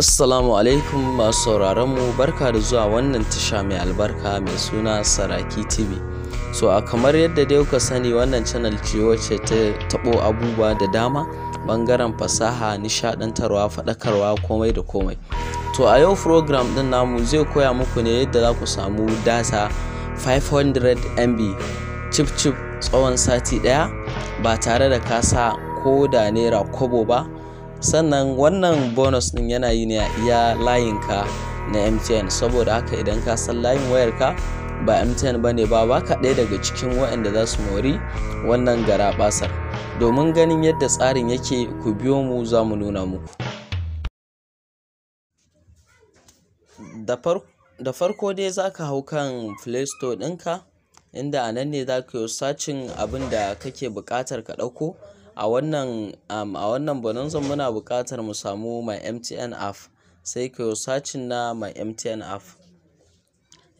Assalamu alaikum masu sauraron mu barka da zuwa wannan tasha mai albarka mai suna Saraki TV. So a kamar yadda dai kuka sani wannan channel ce wacce ta tabo abubuwa da dama bangaren fasaha, nishadantarwa, faɗakarwa komai da komai. To a yau program din namu zai koya muku ne yadda za ku samu data 500 MB chip chip tsawon sati ɗaya ba tare da kasa ko da naira kobo ba. sannan wannan bonus din yana yi ne a iya layinka na mtn saboda haka idan ka san layin wayarka ba mtn ba ne ba ba ka ɗaya daga cikin waɗanda za su mori wannan gara basar domin ganin yadda tsarin yake ku biyo mu za mu nuna muku da farko dai za ka hau kan play store ɗinka inda a nan ne za ka yi sacin abin da kake buƙatar ka ɗauko A wannan, um, a wannan bonanza muna bukatar mu samu My MTN app, sai ka yi searching na My MTN app.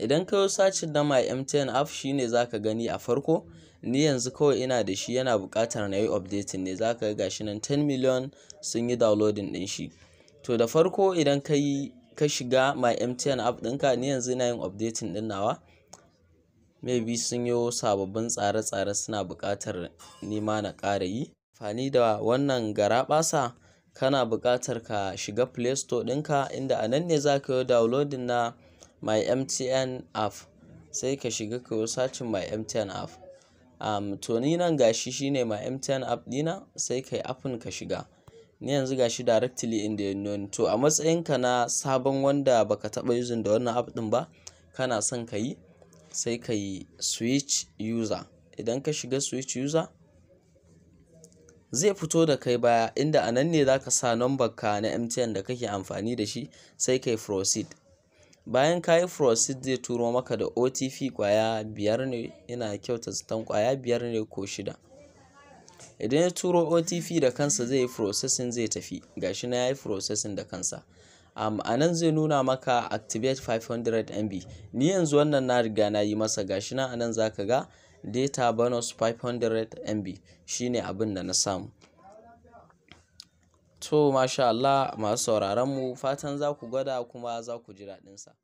Idan ka yi searching na My MTN app shine za ka gani a farko. Ni yanzu kawai ina da shi yana bukatar na yi updating ne. Za ka ga shi nan 10 million sun yi downloading din shi. To da farko idan ka yi, ka shiga My MTN app ɗinka, ni yanzu ina yin updating ɗin nawa. Maybe sun yi sababbin tsare-tsare suna buƙatar nema na ƙara yi. amfani da wannan garaɓasa, kana buƙatar ka shiga Play Store ɗinka, inda a nan ne za ka yi downloading na My MTN app. Sai ka shiga ka yi searching My MTN app. um, to ni nan gashi shine My MTN app dina sai ka yi appin ka shiga. Ni yanzu gashi directly in the unknown. To a matsayinka na sabon wanda baka taɓa using da wannan app ɗin ba, kana son ka yi, sai ka yi switch user. Idan ka shiga switch user, zai fito da kai baya inda a nan ne za ka sa nambarka na MTN da kake amfani da shi sai kai proceed. Bayan ka yi proceed zai turo maka da OTP ƙwaya biyar ne ina kyauta zaton ƙwaya biyar ne ko shida. Idan ya turo OTP da kansa zai yi processing zai tafi gashi na ya yi processing da kansa. Um, a nan zai nuna maka activate 500 MB ni yanzu wannan na riga na yi masa gashi na a nan za ka ga Data bonus 500 MB shine abin da na samu. To masha Allah masu sauraron mu fatan za ku gwada kuma za ku ji daɗinsa.